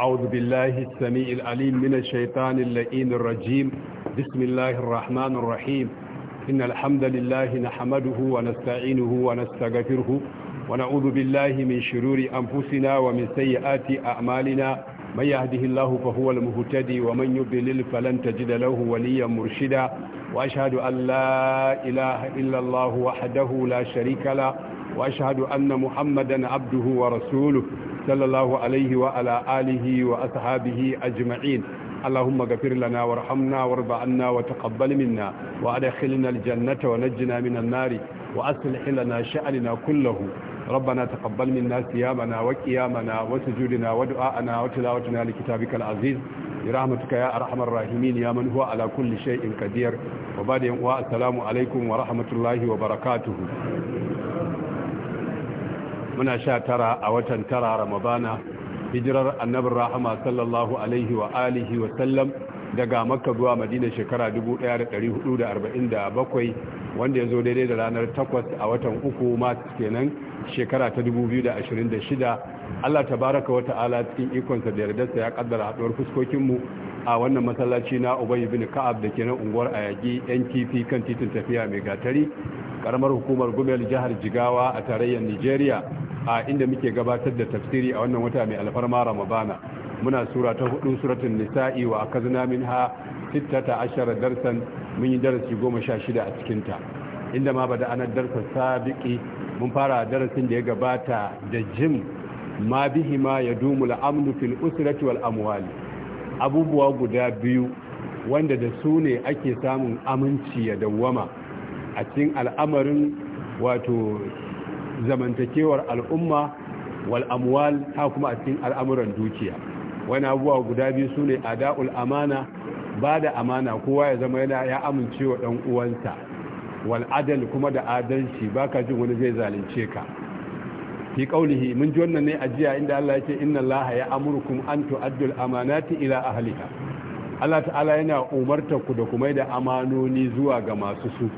أعوذ بالله السميع العليم من الشيطان اللئين الرجيم بسم الله الرحمن الرحيم إن الحمد لله نحمده ونستعينه ونستغفره ونعوذ بالله من شرور أنفسنا ومن سيئات أعمالنا من يهده الله فهو المهتدي ومن يضلل فلن تجد له وليا مرشدا وأشهد أن لا إله إلا الله وحده لا شريك له وأشهد أن محمدا عبده ورسوله sallallahu alaihi wa ala alihi wa ashabihi ajma'in اللهم اغفر لنا وارحمنا وارض عنا وتقبل منا وادخلنا الجنة ونجنا من النار وأصلح لنا شأننا كله ربنا تقبل منا صيامنا وقيامنا وسجودنا ودعاءنا وتلاوتنا لكتابك العزيز برحمتك يا أرحم الراحمين يا من هو على كل شيء قدير وبعد السلام عليكم ورحمة الله وبركاته muna sha tara a watan tara ramadana hijirar annabin rahama sallallahu alaihi wa alihi wa sallam daga makka zuwa madina shekara 1447 wanda ya zo daidai da ranar 8 a watan uku masu kenan shekara ta 2026 allah ta baraka wa ta'ala cikin ikonsa da yardarsa ya kaddara haduwar fuskokinmu a wannan masallaci na ubay bin ka'ab da ke unguwar ayagi yan kifi kan titin tafiya mai gatari karamar hukumar gumel jihar jigawa a tarayyar nigeria a inda muke gabatar da tafsiri a wannan wata mai alfarma ramadana muna sura ta hudu suratun nisa'i wa akazna minha sittata ashara darsan mun yi darasi goma sha shida a cikinta inda ma bada anar darsa sabiki mun fara darasin da ya gabata da jim ma bihi ma ya dumu la'amnu fil usrati wal amwali abubuwa guda biyu wanda da su ne ake samun aminci ya dawwama a cikin al'amarin wato zamantakewar al'umma wal amwal ta kuma a cikin al'amuran dukiya wani abubuwa guda biyu su ne ada'ul amana ba da amana kowa ya zama yana ya amince wa ɗan uwanta wal kuma da adalci baka jin wani zai zalunce ka fi qaulihi mun ji wannan ne a jiya inda Allah yake inna Allah ya amurukum an tu'addul amanati ila ahliha Allah ta'ala yana umarta ku da kuma da amanoni zuwa ga masu su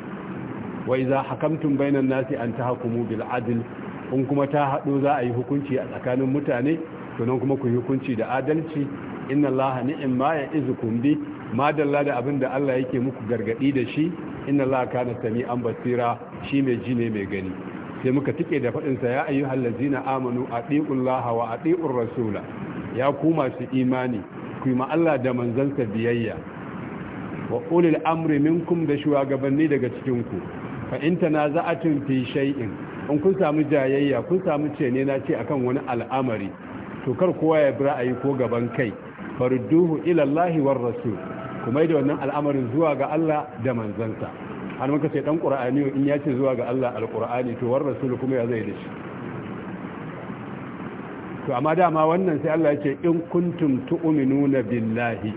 wa idza hakamtum bainan nasi an tahkumu bil adl in kuma ta hado za a yi hukunci a tsakanin mutane to kuma ku yi hukunci da adalci inna allaha ya izukum bi madalla da abin da Allah yake muku gargadi da shi inna allaha kana sami'an basira shi mai ji ne mai gani sai muka tike da fadin sa ya ayyuhal ladzina amanu atiqullaha wa atiqur rasula ya ku masu imani ku yi ma Allah da manzansa biyayya wa ulil amri minkum da shugabanni daga cikin ku fa in tanaza'atun fi shay'in in kun samu jayayya kun samu cene na ce akan wani al'amari to kar kowa ya bi ra'ayi ko gaban kai farduhu ila Allah war rasul kuma da wannan al'amarin zuwa ga Allah da manzansa har muka sai dan qur'ani in ya ce zuwa ga Allah alqur'ani to war rasul kuma ya zai da shi to amma dama wannan sai Allah ya ce in kuntum tu'minuna billahi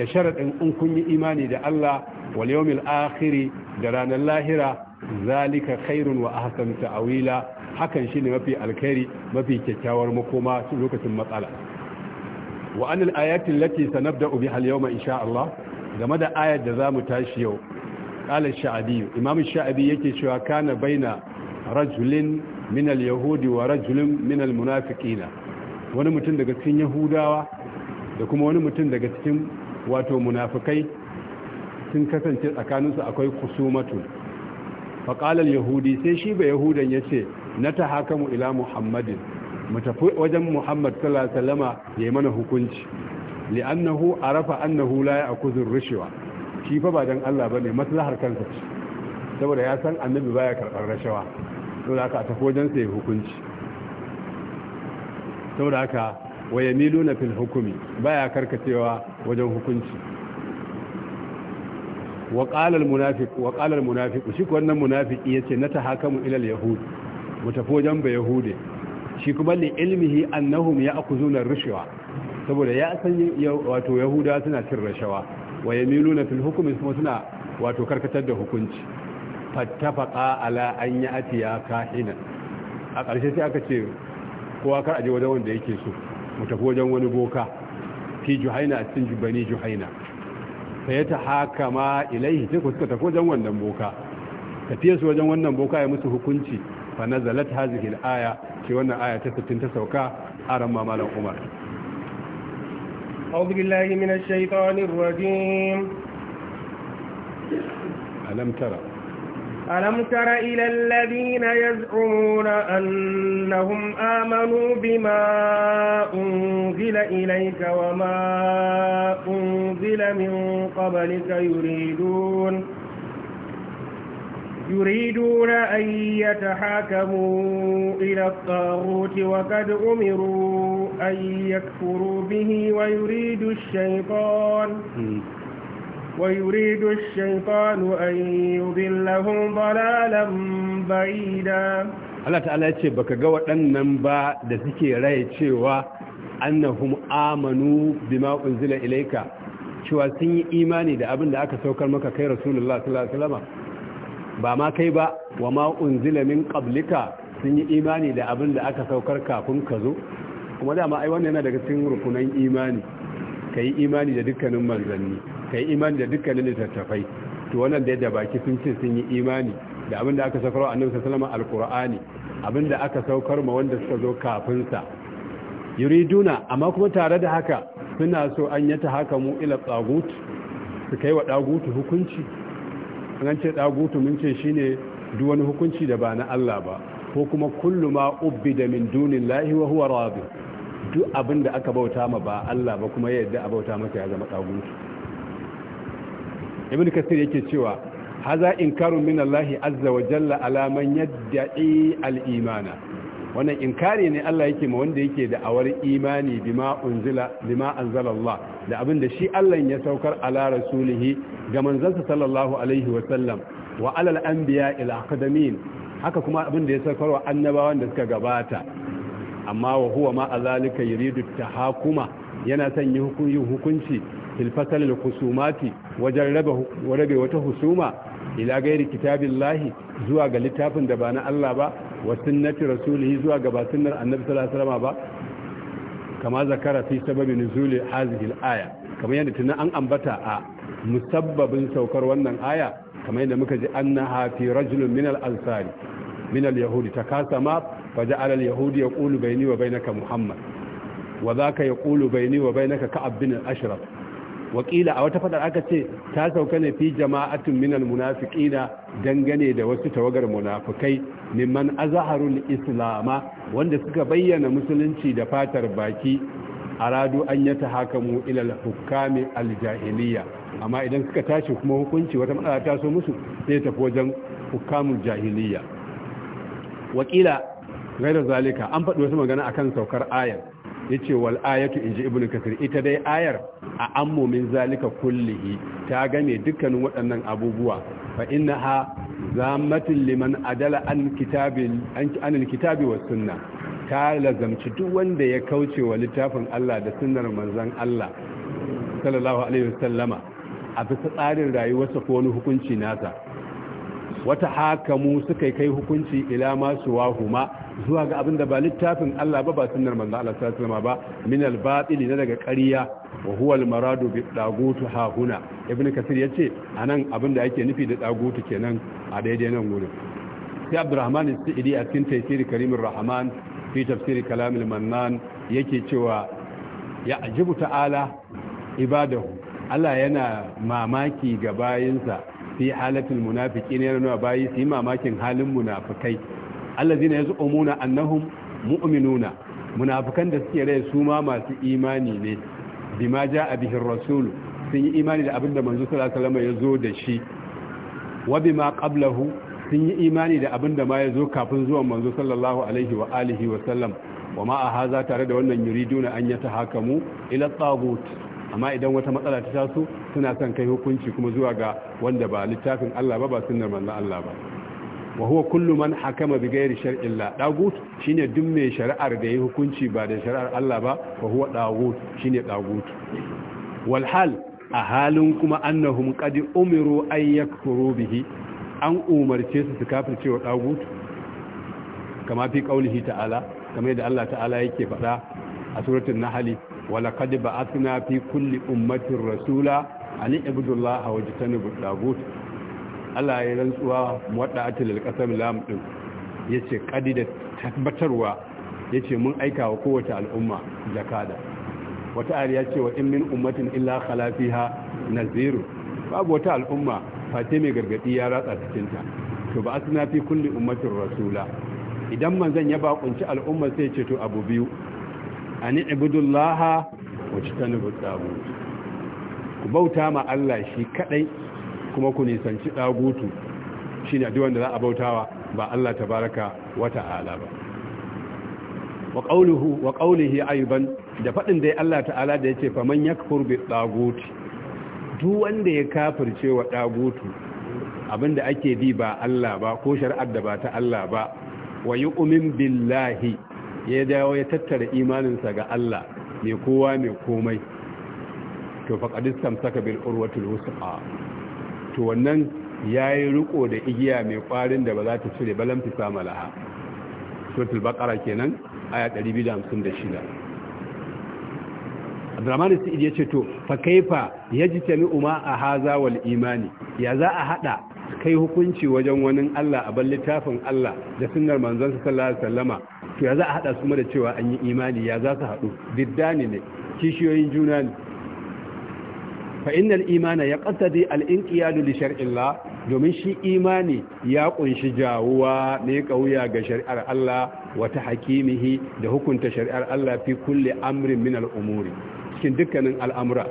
da sharadin in kun yi imani da Allah wal yawmil akhir da ranar lahira zalika khairun wa ahsanu ta'wila hakan shine mafi alkhairi mafi kyakkyawar makoma lokacin matsala wa anil ayatin lati sanabda'u biha al-yawma insha Allah game da ayar da zamu tashi yau qala sha'abi imam sha'abi yake cewa kana baina rajulin min al-yahudi wa rajulin min al munafiqin wani mutum daga cikin yahudawa da kuma wani mutum daga cikin wato munafikai sun kasance tsakaninsu akwai kusumatu al yahudi sai shi ba yahudan ya ce na ta haka mu ila muhammadin mu tafi wajen muhammad sallallahu alaihi wasallama ya mana hukunci li'annahu arafa annahu la ya'khudhu ar-rishwa shi fa ba dan Allah bane maslahar kansa ce saboda ya san annabi baya karɓar rashawa to haka a tafi wajen sa ya hukunci saboda haka wa miluna fil hukumi baya karkacewa wajen hukunci wa qala al munafiq wa qala al munafiq shi ko wannan munafiki yace na hakamu ila al yahud mu tafi wajen ba yahude shi kuma li ilmihi annahum ya'khuzuna ar-rishwa saboda ya san wato yahuda suna cin rashawa wa yamiluna fil hukmi kuma suna wato karkatar da hukunci fattafaqa ala an ya kahina a ƙarshe sai aka ce kowa kar aje wajen wanda yake so mu tafi wajen wani boka fi juhaina cikin bani juhaina fa ta hakama ilaihi sai ku suka tafi wajen wannan boka tafiye su wajen wannan boka ya musu hukunci fa nazalat hazihi al-aya ke wannan aya ta 60 ta sauka a ran mamalan Umar أعوذ بالله من الشيطان الرجيم ألم ترى ألم تر إلى الذين يزعمون أنهم آمنوا بما أنزل إليك وما أنزل من قبلك يريدون يريدون أن يتحاكموا إلى الطاغوت وقد أمروا أن يكفروا به ويريد الشيطان ويريد الشيطان أن يضلهم ضلالا بعيدا Allah ta'ala ya ce baka ga waɗannan ba da suke raye cewa annahum amanu bima unzila ilayka cewa sun yi imani da abin da aka saukar maka kai rasulullah sallallahu ba ma kai ba wa ma unzila min qablika sun yi imani da abin da aka saukar kafin ka zo kuma dama ai wannan yana daga cikin rukunan imani kai imani da dukkanin manzanni kai imani da dukkanin littattafai to wannan da baki sun ce sun yi imani da abin da aka saukar annabi sallallahu alaihi alqur'ani abin da aka saukar ma wanda suka zo kafin sa yuriduna amma kuma tare da haka suna so an yi ta haka mu ila tsagut su kai wa dagutu hukunci an ce dagutu mun ce shine duk wani hukunci da ba na Allah ba ko kuma kullu ma ubbida min lahi wa huwa rabi duk abin da aka bauta ma ba Allah ba kuma yadda a bauta masa ya zama dagutu ibn kasir yake cewa haza inkarun min Allah azza wa jalla ala man yad'i al-imana wannan inkari ne Allah yake ma wanda yake da awar imani bima unzila bima anzala Allah da abin da shi Allah ya saukar ala rasulihi ga manzansa sallallahu alaihi wa sallam wa alal anbiya il aqdamin haka kuma abin da ya saukar wa annabawan da suka gabata amma wa huwa ma azalika yuridu tahakuma yana son yi hukunci fil fasal al khusumati wajen raba rabe wata husuma ila gairi kitabillahi zuwa ga littafin da ba na Allah ba wa sunnati rasulihi zuwa ga ba sunnar annabi sallallahu alaihi wa ba kama zakara fi sababi nuzuli hazihil aya kamar yadda tunan an ambata a musabbabin saukar wannan aya kamar yadda muka ji annaha fi rajulun min al-ansari min al-yahudi takasama faja'ala al-yahudi yaqulu bayni wa bainaka muhammad wa dhaka yaqulu bayni wa bainaka ka'ab bin al-ashraf wakila a wata fadar aka ce ta sauka ne fi jama'atun minal munafiqina dangane da wasu tawagar munafikai mimman azharul islama wanda suka bayyana musulunci da fatar baki aradu an yata hakamu ilal hukami aljahiliya amma idan suka tashi kuma hukunci wata matsala ta so musu sai tafi wajen hukamul jahiliya wakila gaira zalika an faɗi wasu magana akan saukar ayar yace wal ayatu inji ibnu kathir ita dai ayar a an min zalika kullihi ta game dukkanin waɗannan abubuwa fa ha zammatin liman adala an kitabil kitabi was sunna ta lazamci duk wanda ya kauce wa littafin Allah da sunnar manzon Allah sallallahu alaihi wasallama a bisa tsarin rayuwarsa ko wani hukunci nasa wata hakamu suka kai hukunci ila masu wahuma zuwa ga abinda ba littafin Allah ba ba sunnar manzo Allah sallallahu alaihi ba min al-batil na daga ƙarya wa huwa al-maradu bi dagutu ha huna ibnu kasir yace anan abinda yake nufi da dagutu kenan a daidai nan gurin sai Abdurrahman al saidi a cikin tafsir Karimur Rahman fi tafsir Kalam al-Mannan yake cewa ya ajibu ta'ala ibadahu Allah yana mamaki ga bayinsa fi halatul munafiqina yana nuna bayi su yi mamakin halin munafikai allazina yaz'umuna annahun mu'minuna munafikan da suke rai su ma masu imani ne bima a bihin rasul sun yi imani da abinda manzo sallallahu ya zo da shi wa bima qablahu sun yi imani da abinda ma ya zo kafin zuwan manzo sallallahu alaihi wa alihi wa sallam wa ma a haza tare da wannan yuriduna an hakamu ila tagut amma idan wata matsala ta taso suna son kai hukunci kuma zuwa ga wanda ba littafin Allah ba ba sunnar manzon Allah ba wa huwa kullu man hakama bi ghairi shar'illah dagut shine duk mai shari'ar da yayi hukunci ba da shari'ar Allah ba wa huwa dagut shine dagut wal hal a halin kuma annahum qad umiru an yakfuru bihi an umarce su su kafirce wa dagut kama fi qaulihi ta'ala kamar yadda Allah ta'ala yake faɗa a suratul nahl ولقد بعثنا في كل Ali رسولا أن اعبدوا الله واجتنبوا الطاغوت Allah ya rantsuwa wadda ake lalƙasar lam ɗin ya ce tabbatarwa ya ce mun aika wa kowace al'umma jakada wata ari ya ce wa in min ummatin illa khalafiha naziru babu wata al'umma fate mai gargaɗi ya ratsa cikinta to ba a suna fi kulli ummatin rasula idan manzan ya bakunci al'umma sai ce to abu biyu an ibudullaha wacce ta nufi tsagutu ku bauta ma Allah shi kadai kuma ku nisanci tsagutu shi ne da za a bautawa ba Allah tabaraka wata ala ba wa ƙaunihi wa qawlihi ayban da faɗin da Allah ta'ala da ce faman ya kurbe tsaguti duk wanda ya kafirce wa tsagutu abinda ake bi ba Allah ba ko shari'ar da ba ta Allah ba wa umin billahi ya dawo ya tattara imaninsa ga Allah mai kowa mai komai to faƙadis samsaka bil urwatul wusa to wannan yayi riko da igiya mai ƙwarin da ba za ta cire balam fi samalaha suratul baqara kenan aya 256 Abdurrahman Sa'id yace to fa kaifa yajtami uma a haza wal imani ya za a hada kai hukunci wajen wani Allah a ballitafin littafin Allah da sunnar manzon sallallahu alaihi wasallama to ya za a haɗa su da cewa an yi imani ya za su haɗu diddani ne kishiyoyin juna ne fa innal imana ya qasadi al inqiyadu li Allah, domin shi imani ya kunshi jawuwa ne kauya ga shari'ar Allah wata ta hakimihi da hukunta shari'ar Allah fi kulli amrin min al umuri cikin dukkanin al'amura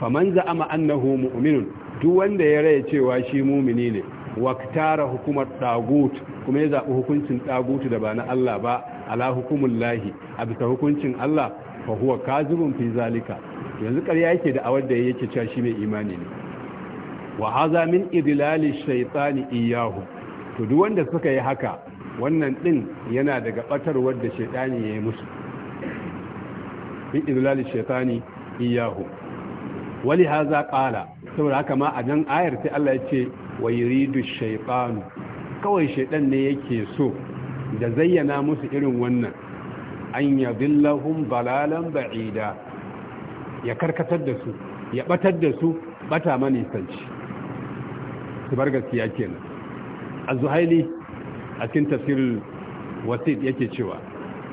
faman za'ama annahu mu'minun duk wanda ya raya cewa shi mumini ne waktara hukumar tagut kuma ya zaɓi hukuncin tagutu da ba na Allah ba ala hukumun lahi a bisa hukuncin Allah fa huwa kazibun fi zalika yanzu ƙarya yake da awar da yake cewa shi mai imani ne wa haza min idlali shaytani iyahu to duk wanda suka yi haka wannan din yana daga batarwar da shaytani ya yi musu fi idlali shaytani iyahu wali haza qala saboda haka ma a nan ayar sai Allah ya ce wa yuridu shaytanu kawai shaydan ne yake so da zayyana musu irin wannan an yadillahum balalan ba'ida ya karkatar da su ya batar da su bata sanci. su bar gaskiya kenan az-zuhaili a cikin tafsir wasit yake cewa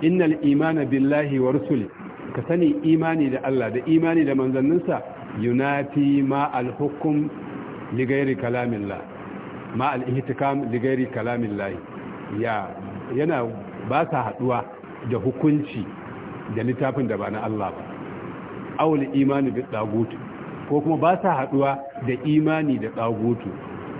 innal imana billahi wa rusuli ka sani imani da Allah da imani da manzanninsa yunafi ma al hukm ligairi kalamillah ma al-ihtikam kalamin kalamillah ya yana ba sa haduwa da hukunci da littafin da ba na Allah ba aw imani bi tagut ko kuma ba sa haduwa da imani da tagutu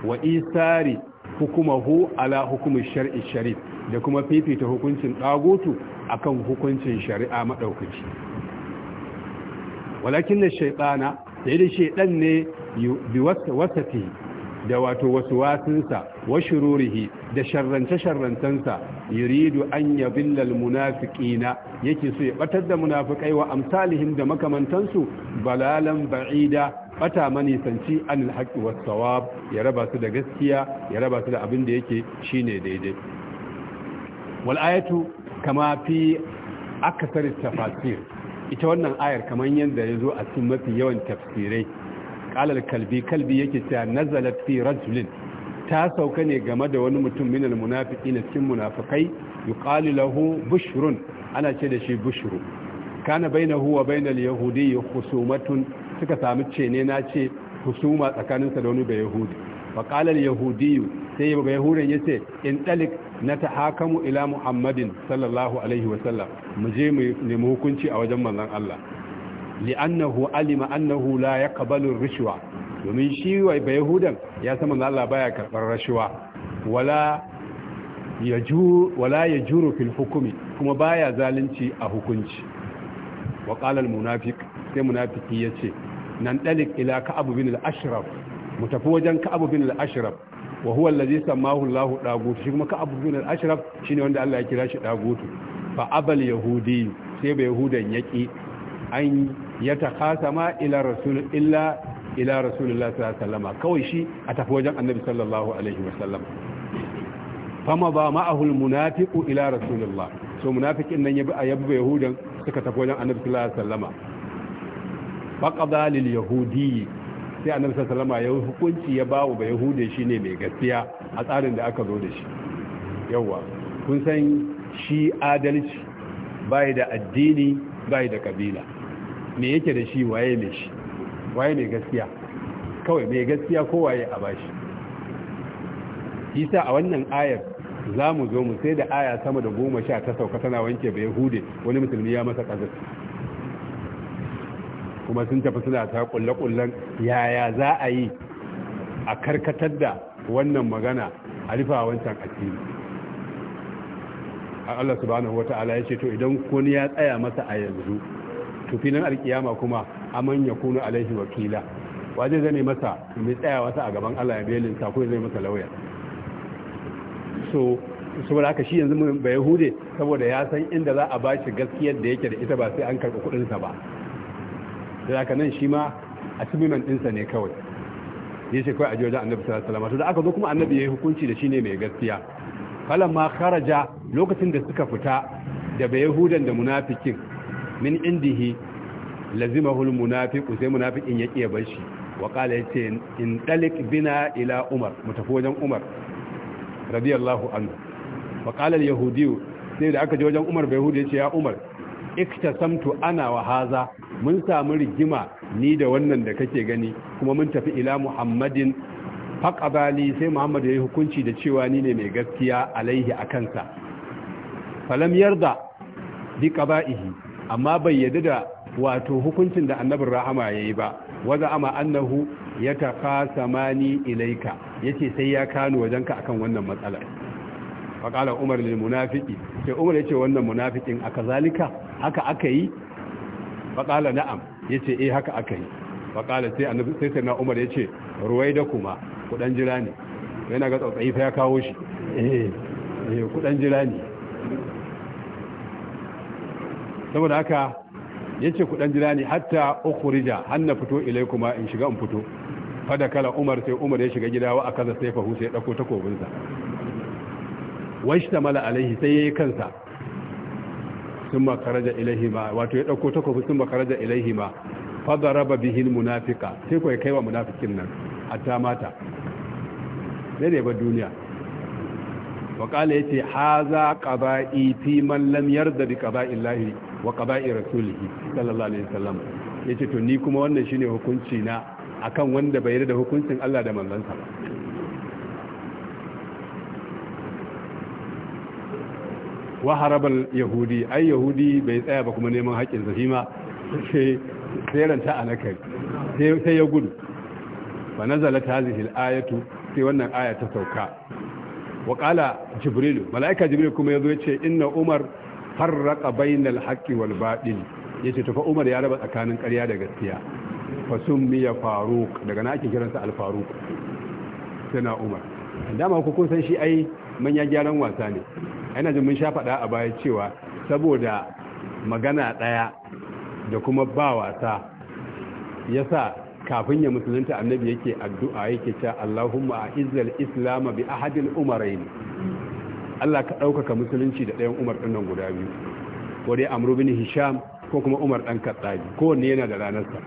wa isari hukumahu ala hukumin shar'i sharif da kuma fifita hukuncin ɗagutu akan hukuncin shari'a madaukaci, walakin na shaytana sai da ɗan ne bi wasafi da wato wasu watsinsa wa shururihi da sharrance sharrantansa yuridu an billal munafiƙina yake so ya batar da munafikai wa amsalihim da makamantansu balalan ba'ida bata manisanci an alhaqi was sawab ya raba su da gaskiya ya raba su da abin da yake shine daidai wal ayatu kama fi akasar tafasir ita wannan ayar kamar yadda ya zo a cikin mafi yawan tafsirai kalar kalbi kalbi yake cewa nazalat fi rajulin ta sauka ne game da wani mutum minal munafiki na cikin munafikai yuqalu lahu bushrun ana ce da shi bushru kana bainahu wa bainal yahudi khusumatun suka samu cene na ce husuma tsakaninsa da wani bai yahudi faƙalar yahudiyu sai ba yahudan ya ce in ɗalik na ta hakamu ila muhammadin sallallahu alaihi wasallam mu je mu nemi hukunci a wajen manzan Allah li'annahu alima annahu la yaqbalu rishwa domin shi wai ba yahudan ya san manzan Allah baya karɓar rashuwa wala yajur wala yajuru fil kuma baya zalunci a hukunci wa qala al munafiq sai munafiki yace nan ɗalik ila abu bin al-ashraf mu tafi wajen ka'ab bin al-ashraf wa huwa allazi samahu Allahu dagutu shi kuma ka'ab bin al-ashraf shine wanda Allah ya kira shi dagutu fa abal yahudi sai bai yahudan yaki an yatakhasama ila rasul illa ila rasulullah sallallahu alaihi wasallam kawai shi a tafi wajen annabi sallallahu alaihi wasallam fama ba ma'ahu al-munafiqu ila rasulillah. so munafikin nan yabi ayyabu yahudan suka tafi wajen annabi sallallahu alaihi wasallama faqada lil yahudi sai annabi sallallahu alaihi ya hukunci ya bawo ba yahude shine mai gaskiya a tsarin da aka zo da shi yawwa kun san shi adalci bai da addini bai da kabila me yake da shi waye ne shi waye mai gaskiya kawai mai gaskiya ko waye a bashi isa a wannan ayar za mu zo mu sai da aya sama da goma sha ta sauka tana wanke bai hude wani musulmi ya masa ƙazar kuma sun tafi suna ta kulle-kullen yaya za a yi a karkatar da wannan magana a rufa wancan asiri Allah subhanahu wa ta'ala ya ce to idan kuni ya tsaya masa a yanzu tufi nan alkiyama kuma aman manya kunu alaihi wakila waje zane masa mai tsaya wasa a gaban Allah ya belin sa ko zai masa lauya so saboda haka shi yanzu bai hude saboda ya san inda za a bashi gaskiyar da yake da ita ba sai an karɓi kuɗinsa ba da aka nan shi ma a tumiman ɗinsa ne kawai ya ce kawai a jiwajen annabi sallallahu alaihi wasallam da aka zo kuma annabi ya yi hukunci da shi ne mai gaskiya falan ma karaja lokacin da suka fita da bai bayahudan da munafikin min indihi lazimahu almunafiqu sai munafikin ya kiya bar shi wa ya ce in dalik bina ila umar mu tafi wajen umar radiyallahu anhu wa qala yahudiyu sai da aka je wajen umar bai ya ce ya umar iktasamtu ana wa haza mun samu rigima ni da wannan da kake gani kuma mun tafi ila muhammadin faqabali sai muhammad ya yi hukunci da cewa ni ne mai gaskiya alaihi akan sa falam yarda bi qaba'ihi amma bai yadda da wato hukuncin da annabin rahama yayi ba waza ama annahu yataqasamani ilaika yace sai ya kano wajenka akan wannan matsalar. faqala umar lil munafiqi sai umar yace wannan munafiqin akazalika haka aka yi faƙala na'am ya ce eh haka aka yi faƙala sai annabi sai sai na umar ya ce ruwai da kuma kudan jira ne yana ga tsautsayi fa ya kawo shi eh eh kudan jira ne saboda haka ya ce kudan jira ne hatta ukhrija hanna fito ilaikuma in shiga in fito fada kala umar sai umar ya shiga gida wa akaza sai fahu sai ya dauko takobinsa washtamala alaihi sai yayi kansa sun makaraja ilaihima wato ya dauko takobi sun makaraja ilaihima fadaraba bihin munafika sai kuwa kai wa munafikin nan hatta mata ne ne ba duniya wa ya ce ha za ƙaba'i fi lam yarda bi qaba'i lahi wa ƙaba'i rasulihi sallallahu alaihi wasallam ya ce to ni kuma wannan shine hukunci na akan wanda bai yarda hukuncin Allah da manzansa ba wa harabal yahudi ai yahudi bai tsaya ba kuma neman haƙƙin sa ma sai ranta a nakari sai ya gudu fa nazala hadhihi al-ayatu sai wannan aya ta sauka wa qala jibril malaika jibril kuma ya ya yace inna umar farraqa bainal haqqi wal batil yace to fa umar ya raba tsakanin ƙarya da gaskiya fa summiya faruq daga na ake kiransa al-faruq sai na umar dama ku kun san shi ai manyan gyaran wasa ne ina jin mun sha faɗa a baya cewa saboda magana ɗaya da kuma ba wasa ya sa kafin ya musulunta annabi yake addu'a yake cewa Allahumma izal islama bi ahadil umarain Allah ka ɗaukaka musulunci da ɗayan umar ɗin nan guda biyu ko dai amru bin hisham ko kuma umar ɗan ko kowanne yana da ranarsa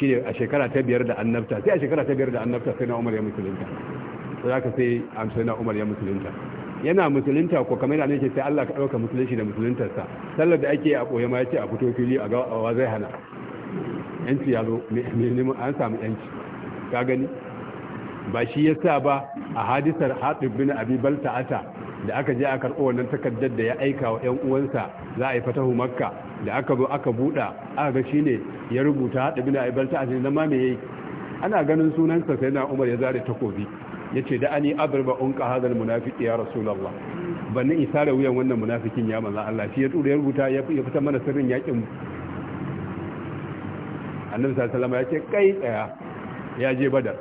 shi ne a shekara ta biyar da annabta sai a shekara ta biyar da annabta sai na umar ya musulunta sai aka sai amsa na umar ya musulunta yana musulunta ko kamar yana ce sai Allah ka ɗauka musulunci da musuluntarsa sallar da ake a ɓoye ma ya ce a fito fili a gawa zai hana yanci ya zo an samu yanci ka gani ba shi ya sa ba a hadisar Hadib bin abi balta'ata da aka je a karɓo wannan takardar da ya aika wa 'yan uwansa za a yi fatahu makka da aka zo aka buɗa aka ga shine ya rubuta Hadib bin abi balta'ata na ma me yayi ana ganin sunansa sai na umar ya zare takobi Ya ce da ani abriba ka hadal munafiki ya rasulullah ban isa da wuyan wannan munafikin ya manzo Allah shi ya tura ya rubuta ya fita mana sirrin yakin annabi sallallahu alaihi wasallam kai tsaya ya je badar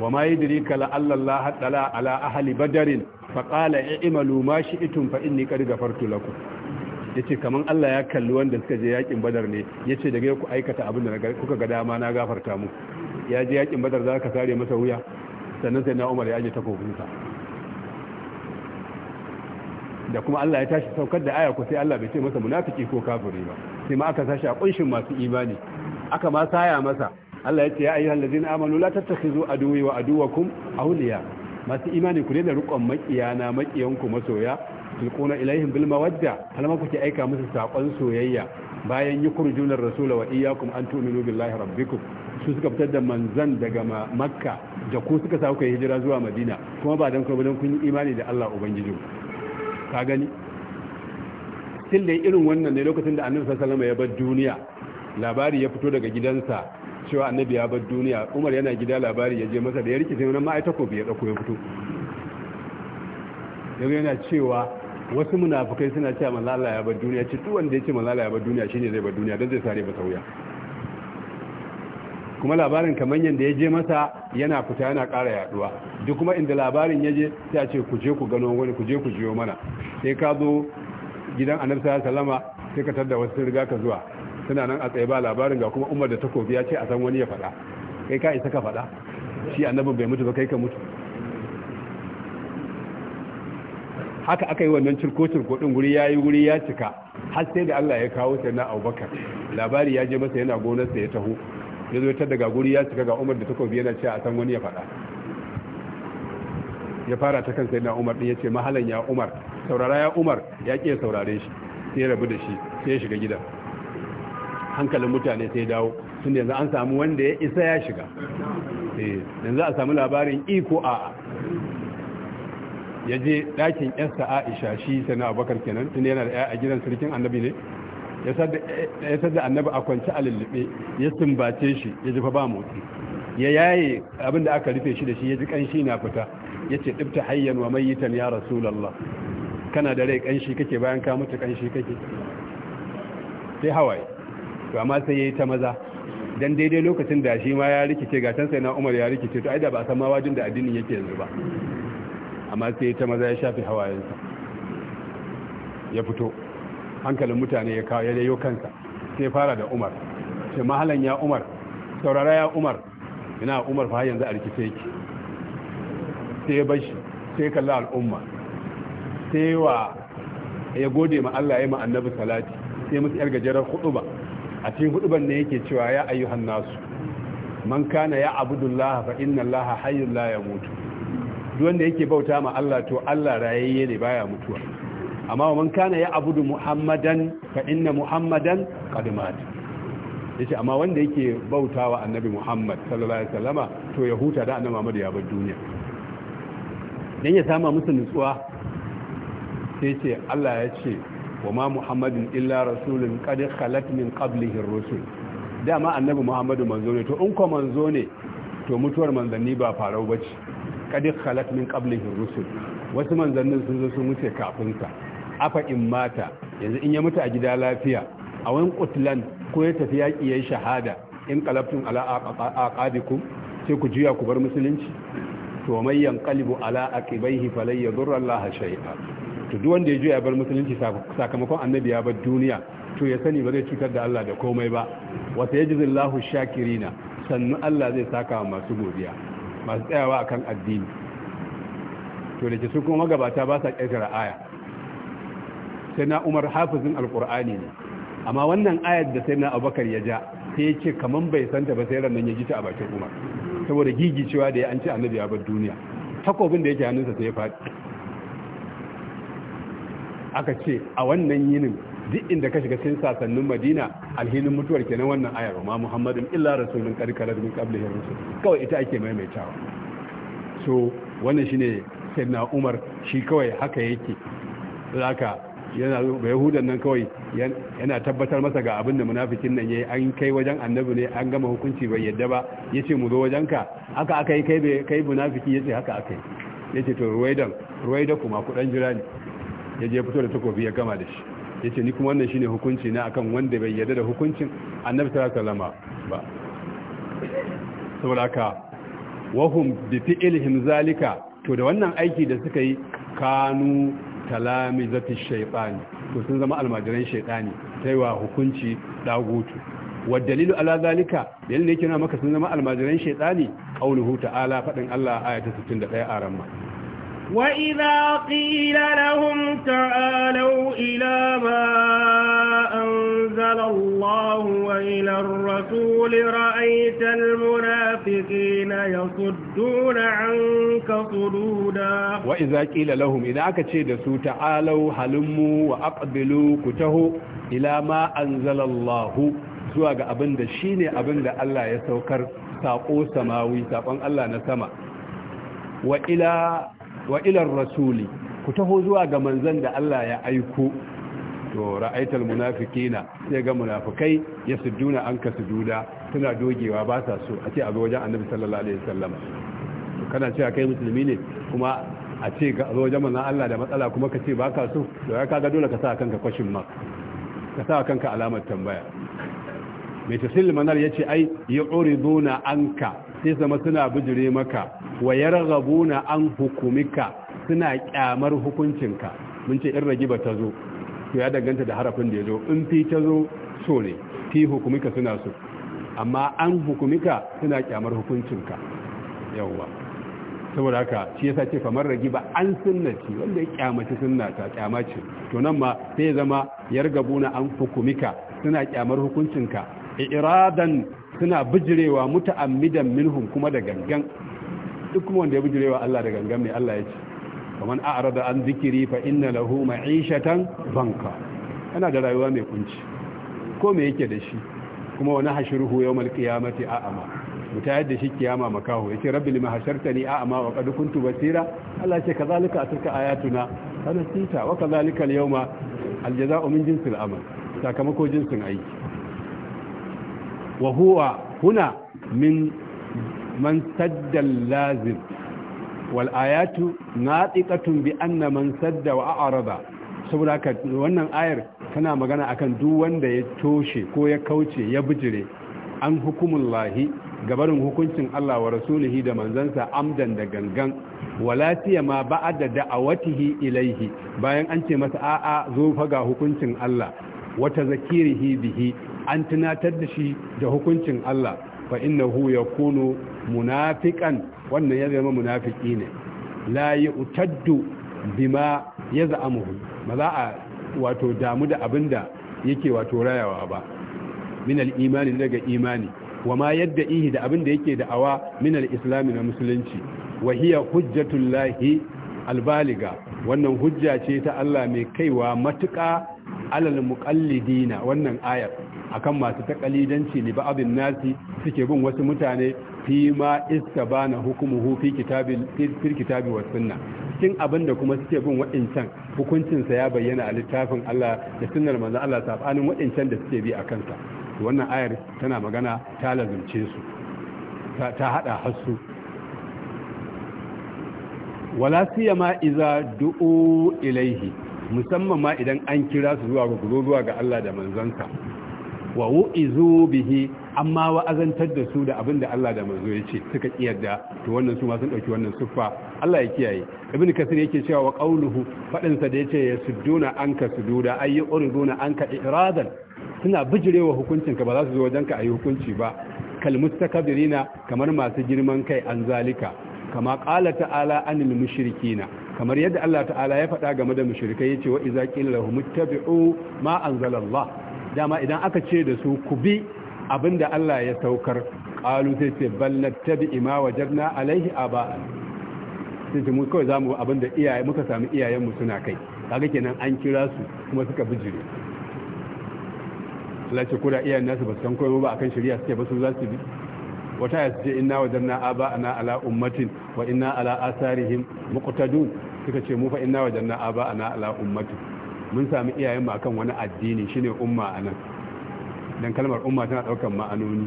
wa ma yadrika kala Allah hadala ala ahli badarin fa qala i'malu ma shi'tum fa inni qad ghafartu lakum yace kaman Allah ya kalli wanda suka je yakin badar ne yace daga ku aikata abin da kuka ga dama na gafarta muku ya je yakin badar za ka sare masa wuya sannan sai na umar ya je takobinsa da kuma Allah ya tashi saukar da aya ko sai Allah bai ce masa munafiki ko kafiri ba sai ma aka sashi a kunshin masu imani aka ma saya masa Allah ya ce ya ayyuhal ladzina amanu la tattakhizu aduwwi wa aduwwakum awliya masu imani ku daina rukon makiyana makiyanku masoya tulkuna ilaihim bil mawadda halama kuke aika musu sakon soyayya bayan yukhrijuna rasul wa iyyakum an tu'minu billahi rabbikum su suka fitar da manzan daga makka da ku suka sa kuka hijira zuwa madina kuma ba dan kuma kun yi imani da Allah ubangiji ka gani tun da irin wannan ne lokacin da annabi sallallahu alaihi wasallam ya bar duniya labari ya fito daga gidansa cewa annabi ya bar duniya umar yana gida labari ya je masa da ya sai wannan ma'aikata ko bai ya dauko ya fito yau yana cewa wasu munafukai suna cewa malala ya bar duniya ce tuwon wanda ya ce malala ya bar duniya shine zai bar duniya don zai sare ba sauya kuma labarin kamar yadda ya je masa yana fita yana kara yaduwa duk kuma inda labarin ya je sai a ce ku je ku gano wani ku je ku jiyo mana sai ka zo gidan annabi sallallahu alaihi sai ka tarda wasu riga ka zuwa suna nan a tsaye ba labarin ga kuma umar da takobi ya ce a san wani ya faɗa kai ka isa ka faɗa shi annabin bai mutu ba kai ka mutu haka aka yi wannan cirko-cirko ɗin guri ya yi wuri ya cika har sai da Allah ya kawo sai na abubakar labari ya je masa yana gonarsa ya taho ya zo ta daga guri ya cika ga umar da takobi yana cewa a san wani ya faɗa ya fara ta kan sai na umar ɗin ya ce mahalan ya umar saurara ya umar ya ƙi saurare shi sai rabu da shi sai ya shiga gida hankalin mutane sai dawo tun yanzu an samu wanda ya isa ya shiga eh, yanzu a samu labarin iko a'a ya je ɗakin yarsa aisha shi sani abubakar kenan tun yana da a gidan sarkin annabi ne ya sadda annabi a kwanci a lullube ya sumbace shi ya jifa ba motsi ya yaye abinda aka rufe shi da shi ya ji kanshi na fita ya ce ɗifta hayyan wa mayitan ya rasulallah kana da rai kanshi kake bayan ka mutu kanshi kake sai hawaye to amma sai ya yi ta maza dan daidai lokacin da shi ma ya rikice ga can sai na umar ya rikice to ai da ba a san ma da addinin yake yanzu ba amma sai ta maza ya shafi hawayensa ya fito hankalin mutane ya kawo ya dayo kansa sai fara da umar ce mahalan ya umar saurara ya umar ina umar fa yanzu a rikice yake sai ya bashi sai kalla al'umma sai wa ya gode ma Allah ya ma annabi salati sai musu yar gajerar huduba a cikin huduban ne yake cewa ya ayyuhan nasu man kana ya abudullah fa inna allaha hayyul la yamutu duk wanda yake bauta ma Allah to Allah rayayye ne baya mutuwa amma man kana ya abudu muhammadan fa inna muhammadan qad mat yace amma wanda yake bautawa annabi muhammad sallallahu alaihi wasallama to ya huta da annabi muhammad ya bar duniya dan ya sama musu nutsuwa sai ce Allah ya ce wa ma muhammadin illa rasulun qad khalat min qablihi ar-rusul dama annabi muhammadu manzo ne to in ko manzo ne to mutuwar manzanni ba farau bace kadi khalat min qablihi rusul wasu manzannin sun zo sun wuce kafin sa afa in mata yanzu in ya mutu a gida lafiya a wani kutlan ko ya tafi yaƙi ya shahada in qalabtum ala aqadikum sai ku juya ku bar musulunci to mai yanqalibu ala aqibaihi falan yadurra Allah shay'a to duk wanda ya juya bar musulunci sakamakon annabi ya bar duniya to ya sani ba zai cutar da Allah da komai ba wa sayajizillahu shakirina sannu Allah zai saka masu godiya masu tsayawa akan addini to da ke su kuma magabata ba sa ƙetare aya sai na umar hafizin alƙur'ani ne amma wannan ayar da sai na abubakar ya ja sai ya ce kaman bai santa ba sai rannan ya ji ta a bakin umar saboda gigicewa da ya an ce annabi ya bar duniya takobin da yake hannunsa sai ya faɗi aka ce a wannan yinin duk inda ka shiga cikin sasannin madina alhinin mutuwar kenan wannan ayar ma muhammadin illa rasulun karkarar min qablihi rusul kawai ita ake maimaitawa so wannan shine sayyidina umar shi kawai haka yake zaka yana ba yahudan nan kawai yana tabbatar masa ga abin da munafikin nan yayi an kai wajen annabi ne an gama hukunci bai yadda ba yace mu zo wajen ka haka aka yi kai kai munafiki yace haka aka yi yace to ruwaidan ruwaida kuma kudan jira ne yaje fito da takobi ya gama da shi yace ni kuma wannan shine hukunci na akan wanda bai yarda da hukuncin annabi sallallahu ba saboda haka wahum bi fi'lihim zalika to da wannan aiki da suka yi kanu talamizati shaytani to sun zama almajiran shaytani taiwa hukunci dagutu dalilu ala zalika dalilin yake na maka sun zama almajiran shaytani qauluhu ta'ala fadin Allah ayata 61 a ramma وإذا قيل لهم تعالوا إلى ما أنزل الله وإلى الرسول رأيت المنافقين يصدون عنك صدودا وإذا قيل لهم إذا أكتشد سو تعالوا هلموا وأقبلوا كته إلى ما أنزل الله zuwa ga abin da shi ne abin da Allah ya saukar saƙo samawi saƙon Allah na sama wa ila wa ilar rasuli ku taho zuwa ga manzan da Allah ya aiko to ra'aital munafiqina sai ga munafikai ya sujuna an ka sujuda tana dogewa ba sa so a ce a zo wajen annabi sallallahu alaihi wasallam to kana cewa kai musulmi ne kuma a ce ga zo wajen manzan Allah da matsala kuma ka ce ba ka so to ya kaga dole ka sa kanka kwashin ma ka sa kanka alamar tambaya mai tafsir manar yace ai yu'riduna anka sai zama suna bijire maka wa yarghabuna an hukumika suna kyamar hukuncinka mun ce in ragiba ta zo to ya danganta da harafin da ya zo in fi ta zo so ne fi hukumika suna so amma an hukumika suna kyamar hukuncinka yawwa saboda haka shi yasa ce famar ragiba an sunnati wanda ya kyamaci sunnata kyamaci to nan ma sai ya zama yargabuna an hukumika suna kyamar hukuncinka iradan suna bijirewa muta'ammidan minhum kuma da gangan duk kuma wanda ya bijirewa Allah da gangan ne Allah ya ce kaman a'rada an zikiri fa inna lahu ma'ishatan banka yana da rayuwa mai kunci ko me yake da shi kuma wani hashiruhu yawmal qiyamati a'ama mutayar yadda shi kiyama makaho yace rabbi lima hashartani a'ama wa qad kuntu basira Allah ya ce kazalika atilka ayatuna kana sita wa kazalika al-yawma al-jazaa'u min jinsil amal sakamako jinsin aiki wa huwa huna min man sadda lazim wal ayatu natiqatun bi anna man sadda wa a'rada saboda haka wannan ayar tana magana akan duk wanda ya toshe ko ya kauce ya bijire an hukumullahi gabarin hukuncin Allah wa rasulihi da manzansa amdan da gangan walatiya ma ba'da da'awatihi ilaihi bayan an ce masa a'a zo fa ga hukuncin Allah wata zakirihi bihi an tunatar da shi da hukuncin Allah fa innahu yakunu munafiqan wannan ya zama munafiki ne la yu'taddu bima yaz'amuhu ba za a wato damu da abinda yake wato rayawa ba min al-imani daga imani wa ma yadda ihi da abinda yake da awa min al-islami na musulunci wa hiya hujjatullahi albaliga wannan hujja ce ta Allah mai kaiwa matuƙa alal muqallidina wannan ayar akan masu takalidanci ba Abin nasi suke bin wasu mutane fi ma istabana hukumuhu fi kitabi fi kitabi wa sunna cikin abin da kuma suke bin waɗancan hukuncinsa ya bayyana a littafin Allah da sunnar manzon Allah sabanin waɗancan da suke bi a kansa wannan ayar tana magana ta lazumce su ta hada hasu wala siyama iza du'u ilaihi musamman ma idan an kira su zuwa ga zuwa ga Allah da manzansa wa wu'izu bihi amma wa'azantar da su da abin da Allah da manzo ya ce suka kiyarda to wannan su ma sun dauki wannan suffa Allah ya kiyaye ibn kasir yake cewa wa qauluhu fadin sa da yace yasudduna anka sududa ay yuriduna anka iradan suna bijirewa hukuncin ka ba za su zo wajen ka ayi hukunci ba kal mustakabirina kamar masu girman kai an zalika kama qala ta'ala anil mushrikina kamar yadda Allah ta'ala ya faɗa game da mushrikai yace wa iza qila lahum ittabi'u ma anzalallah dama idan aka ce da su ku bi abinda Allah ya saukar ƙalu sai ce ballata bi ima wajadna alaihi aba'an sai ce mu kawai zamu abinda iyaye muka sami iyayen suna kai kaga kenan an kira su kuma suka bi bijire Allah ce kura iyayen nasu ba su san koyo ba akan shari'a suke ba su za su bi wata ya ce inna ba'a na ala ummatin wa inna ala asarihim muqtadun suka ce mu fa inna a na ala ummatin mun sami iyayen ma kan wani addini shine umma anan dan kalmar umma tana daukan ma'anoni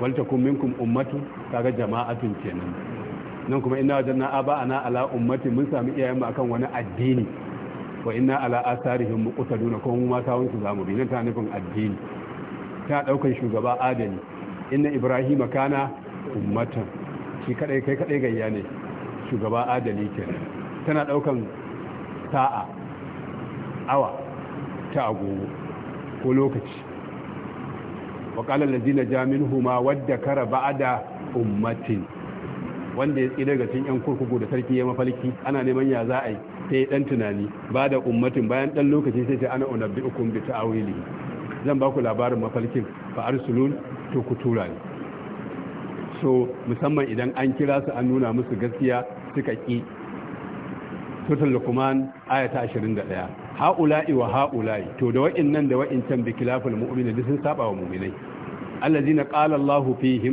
wal takum minkum ummatu kaga jama'atun kenan nan kuma inna wajanna aba ana ala ummati mun sami iyayen ma kan wani addini wa inna ala asarihim muqtaduna ko mu ma kawun su zamu bi nan ta nufin addini ta daukan shugaba adali inna ibrahima kana ummatan shi kadai kai kadai gayya ne shugaba adali kenan tana daukan sa'a awa ta agogo ko lokaci waƙalar lajina jamin huma wadda kara da ummatin wanda ya tsi daga cin 'yan kurkuku da sarki ya mafalki ana neman ya za a yi yi dan tunani ba da ummatin bayan dan lokaci sai ce ana unabbi ukum bi ta'awili zan ba ku labarin mafalkin fa arsulun to ku tura ni so musamman idan an kira su an nuna musu gaskiya suka ki sutul luqman ayata 21 ha'ula'i wa ha'ula'i to da nan da wa'incan bi kilaful mu'minin da sun saba wa mu'minai allazina qala Allahu fihim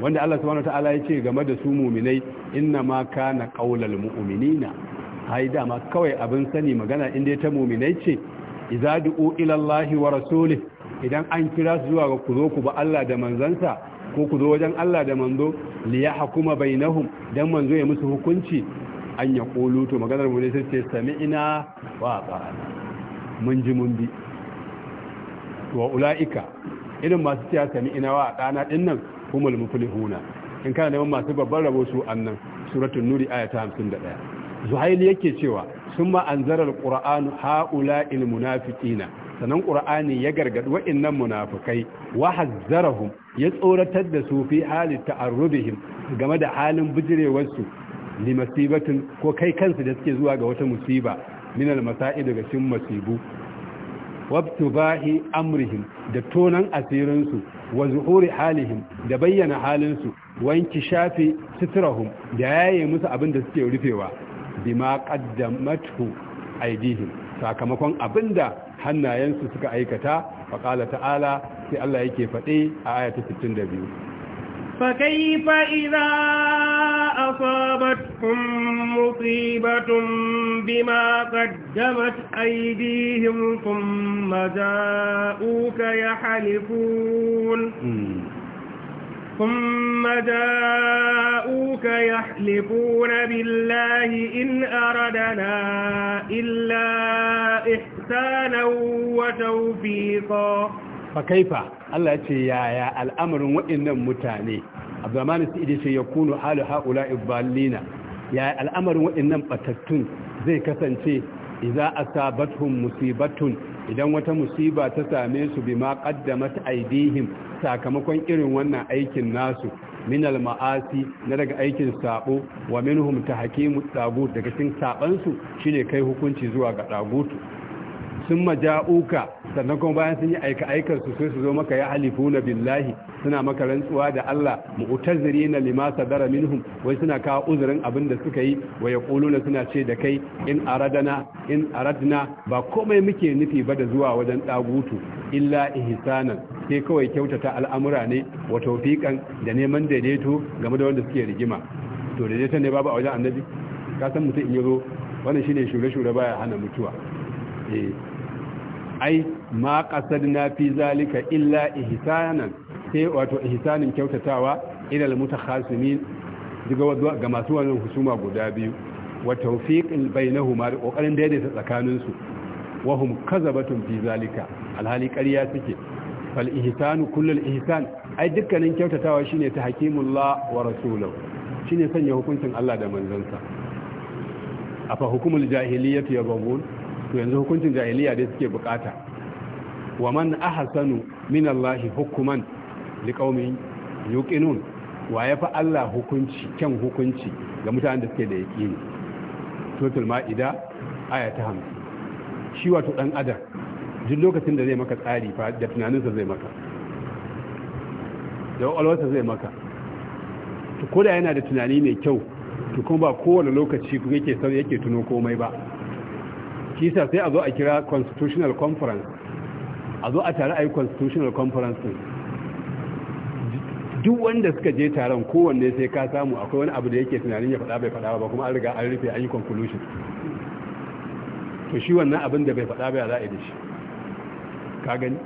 wanda Allah subhanahu wataala ce game da su mu'minai inna ma kana qaulal mu'minina ai dama kawai abin sani magana inda ta mu'minai ce idza du'u ila wa rasulih idan an kira su zuwa ga ku zo ku ba Allah da manzansa ko ku zo wajen Allah da manzo liya yahkuma bainahum dan manzo ya musu hukunci an ya ƙolu to maganar mu ne sai ce sami ina wa ba mun ji mun bi wa ula'ika irin masu cewa sami ina wa ɗana ɗin nan humul muflihuna in kana neman masu babban rabo su annan suratul nuri aya ta 51 zuhaili yake cewa summa anzara alqur'anu haula'il munafiqina sanan qur'ani ya gargadi wa'annan munafikai wa hazzarahum ya tsoratar da su fi halit ta'arrubihim game da halin su li masibatin ko kai kansu da suke zuwa ga wata musiba min al masa'i daga cikin masibu wabtubahi amrihim da tonan asirinsu wa zuhuri halihim da bayyana halinsu wanki shafi sitrahum da yaye musu abin da suke rufewa bima qaddamatu aidihim sakamakon abinda hannayensu suka aikata fa qala ta'ala sai Allah yake faɗe a ayatu 62 fa kayfa idza أصابتهم مصيبة بما قدمت أيديهم ثم جاءوك يحلفون ثم جاءوك يحلفون بالله إن أردنا إلا إحسانا وتوفيقا فكيف الله يا يا الأمر وإن متاني abdurrahman sa'idi ce ya kunu halu haula ibalina ya al'amarin waɗannan batattun zai kasance idza asabatuhum musibatun idan wata musiba ta same su bima qaddamat aidihim sakamakon irin wannan aikin nasu min al-ma'asi na daga aikin sabo wa minhum tahkimu tagut daga cikin sabansu shine kai hukunci zuwa ga dagutu sun maja'uka sannan kuma bayan sun yi aika aikar su sai su zo maka ya na billahi suna maka rantsuwa da Allah mu'tazirina lima sadara minhum wai suna kawo uzurin abin da suka yi wa yaquluna suna ce da kai in aradana in aradna ba komai muke nufi ba da zuwa wajen dagutu illa ihsanan sai kawai kyautata al'amura ne wa tawfiqan da neman daidaito game da wanda suke rigima to daidaito ne babu a wajen annabi ka san mutum in yazo wannan shine shure-shure baya hana mutuwa eh. ai ma qasadna fi zalika illa ihsanan sai wato ihsanin kyautatawa ila almutakhasimin wadu ga masu wannan husuma guda biyu wa tawfiqin bainahuma da kokarin daidaita tsakanin su wa hum kazabatun fi zalika alhali ƙarya suke fal ihsanu kullul ihsan ai dukkanin kyautatawa shine ta hakimullah wa rasuluhu shine sanya hukuncin Allah da manzansa afa hukumul jahiliyyati yabghun to yanzu hukuncin jahiliya dai suke bukata wa man ahsanu min allahi hukuman liqaumin yuqinun wa fa Allah hukunci kyan hukunci ga mutanen da suke da yaqini suratul maida aya ta 50 shi wato dan adam duk lokacin da zai maka tsari fa da tunaninsa zai maka da kwakwalwarsa zai maka to koda yana da tunani mai kyau to kuma ba kowane lokaci yake yake tuno komai ba kisa sai a zo a kira constitutional conference a zo a tare a yi constitutional conference duk wanda suka je taron kowanne sai ka samu akwai wani abu da yake tunanin ya faɗa bai faɗa ba kuma an riga an rufe an yi conclusion to shi wannan abin da bai faɗa bai za a yi da shi ka gani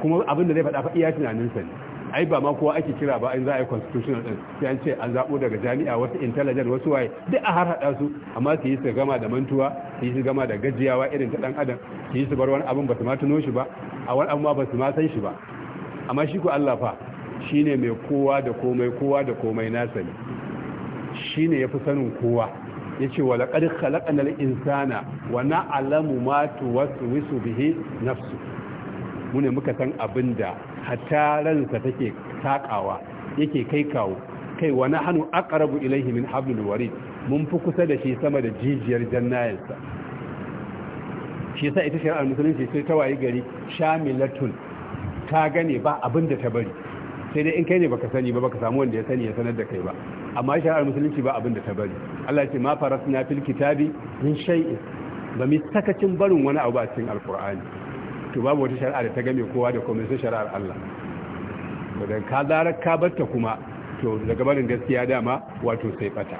kuma abin da zai faɗa fa iya tunaninsa ne ai ba ma kowa ake kira ba in za a yi constitutional din sai an ce an zabo daga jami'a wasu intelligent wasu waye duk a har haɗa su amma su yi su gama da mantuwa su yi su gama da gajiyawa irin ta ɗan adam su yi su bar wani abin ba su ma tuno shi ba a wani abin ma ba su ma san shi ba amma shi ko Allah fa shine mai kowa da komai kowa da komai nasa ne shine yafi sanin kowa yace wa laqad khalaqnal insana wa na'lamu ma tuwaswisu bihi nafsuhu mu ne muka san abin da hatta ransa take takawa yake kai kawo kai wani hannu akarabu ilaihi min hablul warid mun fi kusa da shi sama da jijiyar jannayansa shi sa ita shari'ar musulunci sai ta waye gari shamilatul ta gane ba abin da ta bari sai dai in kai ne baka sani ba baka samu wanda ya sani ya sanar da kai ba amma shari'ar musulunci ba abin da ta bari Allah ce ma farasna fil kitabi min shay'in ba mi sakacin barin wani abu a cikin alqur'ani to babu wata shari'a da ta game kowa da komai sai shari'ar Allah to dan ka zarar ka batta kuma to daga barin gaskiya dama wato sai bata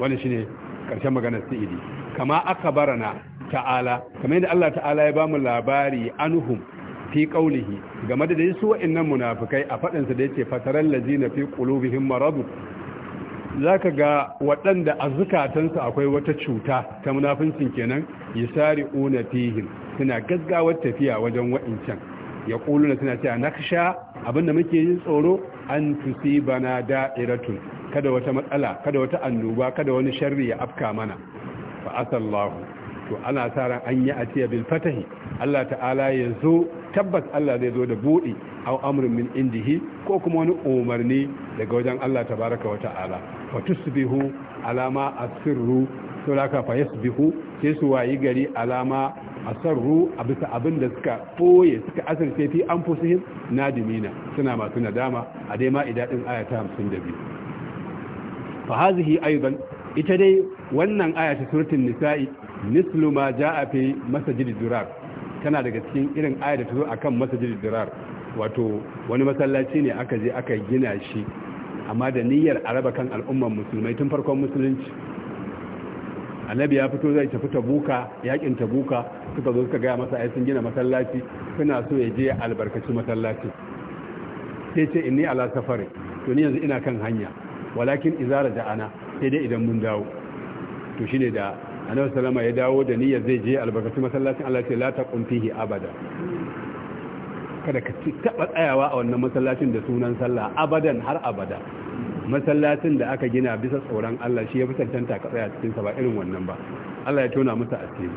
wannan shine karshen maganar sa'idi kama aka barana ta'ala kama yadda Allah ta'ala ya bamu labari anhum fi qaulihi game da dai su wa'annan munafikai a fadin sa da yace fataral lazina fi qulubihim marad zaka ga waɗanda a akwai wata cuta ta munafincin kenan yasari'una fihim suna gaggawar tafiya wajen wa'incan ya kuluna suna cewa na naksha abinda muke yin tsoro an bana da'iratun kada wata matsala kada wata annuba kada wani sharri ya afka mana fa asallahu to ana sa ran an yi atiya bil fatahi Allah ta'ala ya zo tabbas Allah zai zo da buɗi aw amrun min indihi ko kuma wani umarni daga wajen Allah ta tabaraka wa ta'ala fa bihu alama asirru to laka fa yasbihu sai su wayi gari alama asarru a bisa abin da suka foye suka asirce fi an na nadimina suna masu nadama a dai ma idadin ayata hamsin da biyu fa hazihi aiban ita dai wannan ayata surtin nisa'i nislu ma ja'a fi masajid durar tana daga cikin irin aya da ta akan masajid durar wato wani masallaci ne aka je aka gina shi amma da niyyar araba kan al'ummar musulmai tun farkon musulunci annabi ya fito zai tafi tabuka yakin tabuka suka zo suka gaya masa ai sun gina masallaci suna so ya je albarkaci masallaci sai ce inni ala safari to ni yanzu ina kan hanya walakin izara da ana sai dai idan mun dawo to shine da annabi sallama ya dawo da niyyar zai je albarkaci masallacin Allah ce la taqum fihi abada kada ka taba tsayawa a wannan masallacin da sunan sallah abadan har abada masallacin da aka gina bisa tsoron Allah shi ya fi cancanta ka tsaya cikin sa ba irin wannan ba Allah ya tona masa asiri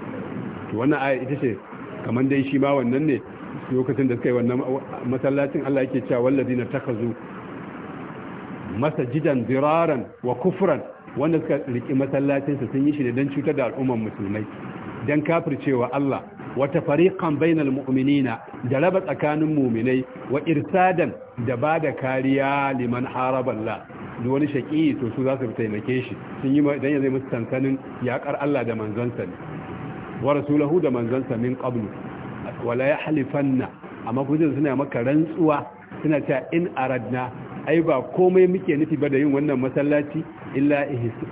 to wannan aya ita ce kamar dai shi ma wannan ne lokacin da suka yi wannan masallacin Allah yake cewa wallazina takazu masajidan ziraran wa kufran wanda suka riki masallacin su sun yi shi ne don cutar da al'umman musulmai don kafircewa Allah wata fariqan bainal mu'minina da raba tsakanin mu'minai wa irsadan da ba da kariya liman haraballah da wani shaƙi to su za su taimake shi sun yi dan yanzu musu tankanin yaƙar Allah da manzansa ne wa rasulahu da manzansa min qablu wala yahlifanna amma kuma suna maka rantsuwa suna cewa in aradna ai ba komai muke nufi ba da yin wannan masallaci illa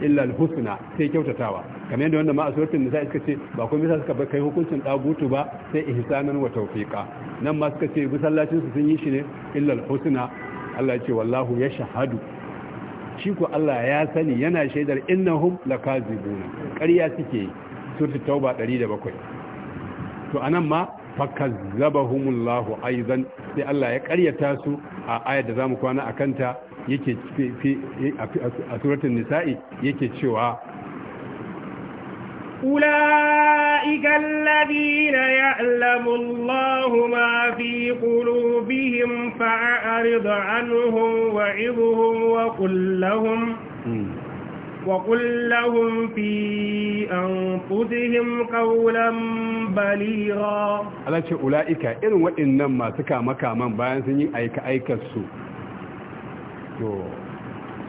illa alhusna sai kyautatawa kamar yadda wannan a suratul nisa suka ce ba komai sa suka kai hukuncin ɗab'utu ba sai ihsanan wa tawfiqa nan ma suka ce masallacin su sun yi shi ne illa alhusna Allah ya ce wallahu yashhadu shi ko Allah ya sani yana shaidar innahum lakazibuna ƙarya suke suratul tauba 107 to anan ma fakazzabahumullahu aidan sai Allah ya karyata su a ayar da zamu kwana akanta yake a suratul nisa'i yake cewa أولئك الذين يعلم الله ما في قلوبهم فأعرض عنهم وعظهم وقل لهم وقل لهم في أنفسهم قولا بليغا على شيء أولئك إن وإنما سكا مكا من بيان سنين أيك أيك السوء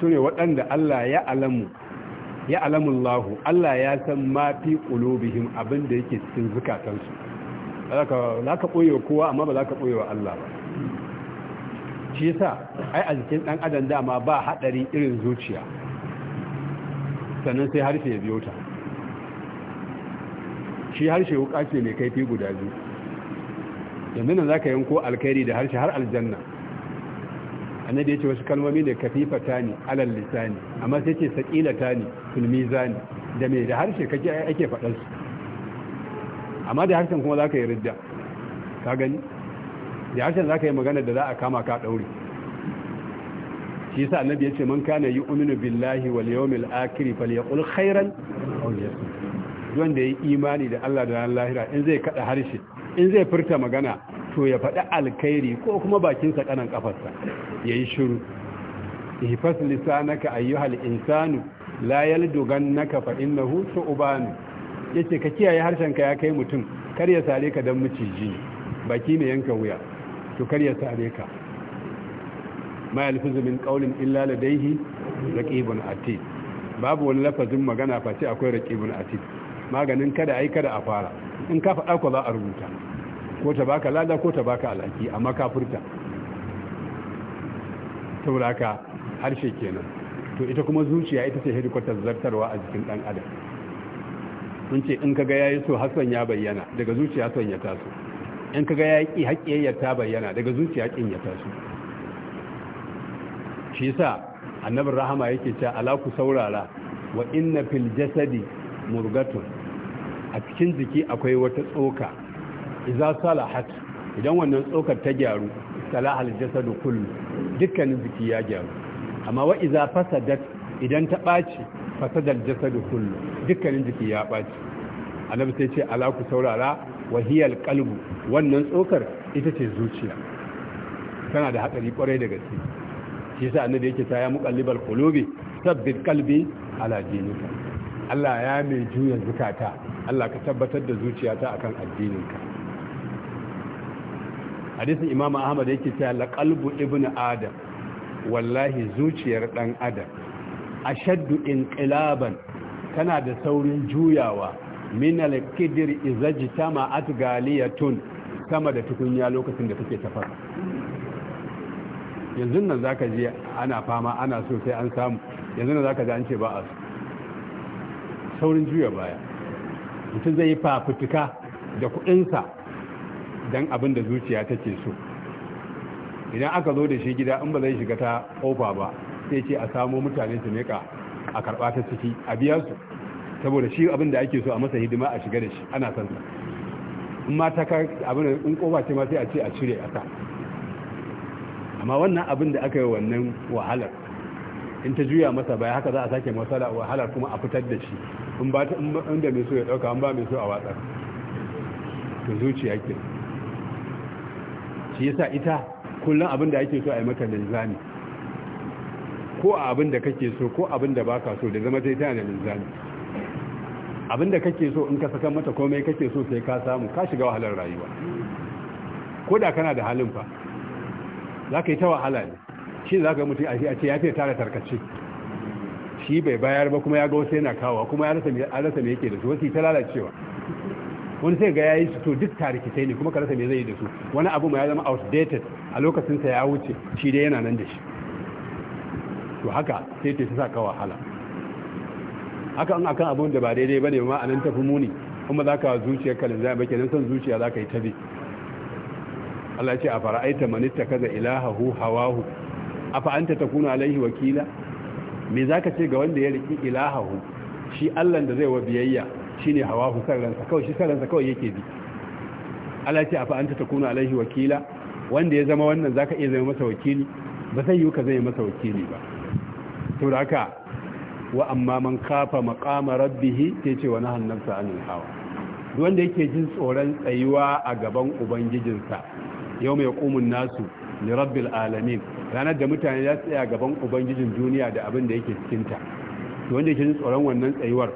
سنة وأن الله يعلم يعلم الله الله يسمى ما في قلوبهم أبن ديك da yake cikin zukatansu za ka ɓoye kowa amma ba za ka ɓoye wa Allah ba shi yasa ai a jikin ɗan adam dama ba haɗari irin zuciya sannan sai harshe ya biyo ta shi harshe wuka ce mai kaifi guda biyu yanzu nan za ka yanko alkairi da harshe har aljanna annabi ya ce wasu kalmomi da kafifata ne alal ne amma sai ce ta ne tulmiza ne da mai da harshe kake ake faɗansu amma da harshen kuma za ka yi ridda ka gani da harshen za ka yi magana da za a kama ka ɗaure shi sa annabi ce man kana uminu billahi wal yawmil akhir yaqul khairan aw liyasmut wanda imani da Allah da ran lahira in zai kada harshe in zai furta magana to ya faɗi alkhairi ko kuma bakin sa kanan kafarsa yayi shiru ihfas lisanaka ayyuhal insanu la yalduganaka fa innahu su'ban yace ka kiyaye harshen ka ya kai mutum kar ya sare ka dan muciji baki ne yanka wuya to kar ya sare ka ma yalfizu min qawlin illa daihi raqibun atid babu wani lafazin magana face akwai raqibun atid maganin kada ai kada a fara in ka faɗa ko za a rubuta ko ta baka lada ko ta baka alaki amma ka furta saboda haka harshe kenan to ita kuma zuciya ita ce hedikwatar zartarwa a jikin dan adam mun ce in kaga yayi so hasan ya bayyana daga zuciya son ya taso in kaga yaki haƙƙiyar ta bayyana daga zuciya kin ya taso shi yasa annabin rahama yake cewa ala ku saurara wa inna fil jasadi murgatun a cikin jiki akwai wata tsoka idza salahat idan wannan tsokar ta gyaru salahal jasadu kullu dukkanin jiki ya gyaru amma wa idza fasadat idan ta ɓaci fasadal jasadu kullu dukkanin jiki ya ɓaci annabi sai ce ala ku saurara wahiyal qalbu wannan tsokar ita ce zuciya tana da hatsari kwarai da gaske shi sa annabi yake ta ya muqallibal qulubi tabbit qalbi ala dinika Allah ya mai juya zukata Allah ka tabbatar da zuciyata akan addininka hadisin imamu ahmad yake ta la qalbu ibnu adam wallahi zuciyar dan adam ashaddu inqilaban tana da saurin juyawa min al-qidr idza jitama'at galiyatun sama da tukunya lokacin da take tafasa yanzu nan za ka je ana fama ana so sai an samu yanzu nan za ka an ce ba a saurin juya baya mutum zai yi fafutuka da kuɗinsa don abin da zuciya ta take so idan aka zo da shi gida in ba zai shiga ta ofa ba sai ce a samo mutane su meka a karɓa ta ciki a biya su saboda shi abin da ake so a masa hidima a shiga da shi ana san sa in ma ta abin in kofa ce ma sai a ce a cire a ta. amma wannan abin da aka yi wannan wahalar in ta juya masa baya haka za a sake masala wahalar kuma a fitar da shi in ba ta inda mai so ya dauka an ba mai so a watsar to zuciya ke shi yasa ita kullum abin da ake so a yi mata linzami ko a abin da kake so ko abin da baka so da zama ta ita da linzami abin da kake so in ka saka mata komai kake so sai ka samu ka shiga wahalar rayuwa ko da kana da halin fa za ka yi ta wahala ne shi za ka mutu a ce ya ce tara tarkace shi bai bayar ba kuma ya ga wasu yana kawo kuma ya rasa me yake da su wasu ta lalacewa wani sai ga yi su to duk tarikitai ne kuma ka rasa me zai yi da su wani abu ma ya zama outdated a lokacin sa ya wuce shi dai yana nan da shi to haka sai ta sa ka wahala haka an akan abun da ba daidai ba ma anan tafi muni kuma za ka zuciya kalin zai bake nan son zuciya za ka yi tabi Allah ce a fara'aita manitta kaza ilahahu hawahu afa anta takuna alaihi wakila me zaka ce ga wanda ya riki ilahahu shi Allah da zai wa biyayya shine hawahu kan kawai shi sarransa kawai yake bi Allah ce afa anta takuna alaihi wakila wanda ya zama wannan zaka iya zama masa wakili ba sai yuka zai masa wakili ba to haka wa amma man kafa maqama rabbih sai ce wa nahanna anil hawa wanda yake jin tsoron tsayuwa a gaban ubangijinsa yau mai ƙumun nasu ni rabbil alamin ranar da mutane ya tsaya gaban ubangijin duniya da abin da yake cikinta to wanda yake tsoron wannan tsayuwar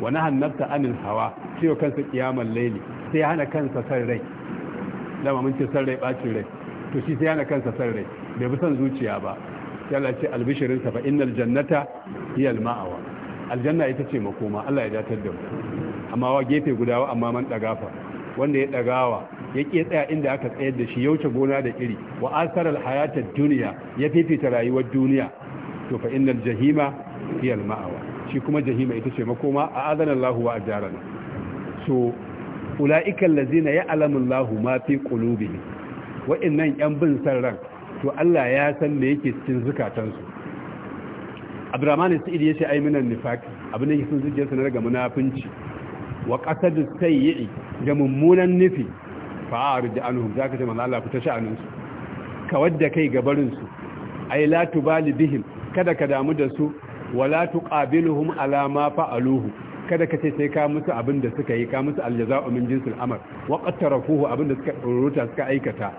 Wani hannarta nafsa anil hawa ciwo kansa kiyamal laili sai hana kansa san rai dama mun ce san rai ɓacin rai to shi sai hana kansa san rai bai bi san zuciya ba sai Allah ce albishirin sa fa innal jannata hiya al aljanna ita ce makoma Allah ya datar da mu amma wa gefe guda wa amma man dagafa wanda ya dagawa ya ke tsaya inda aka tsayar da shi yauce gona da iri wa asar hayatar duniya ya fifita rayuwar duniya to fa innal jahima fiye ma'awa shi kuma jahima ita ce makoma a adana Allah wa ajarana so ulaiikal ladzina ya'lamu Allah ma fi qulubihim wa'annan yan bin san ran to Allah ya san me yake cikin zukatansu Abdurrahman Sa'id yace ai minan nifaq abin da yake cikin zuciyarsa na daga munafinci wa qasadu sayyi da mummunan nufi fa'arid anhum zaka ce manzo Allah ku ta sha'anin su ka wadda kai gabarinsu barinsu latu la bihim kada ka damu da su wala tuqabiluhum ala alama fa'aluhu kada ka ce sai ka musu abin da suka yi ka musu aljaza umin jinsil amal wa ƙattara kuhu abin da suka ruruta suka aikata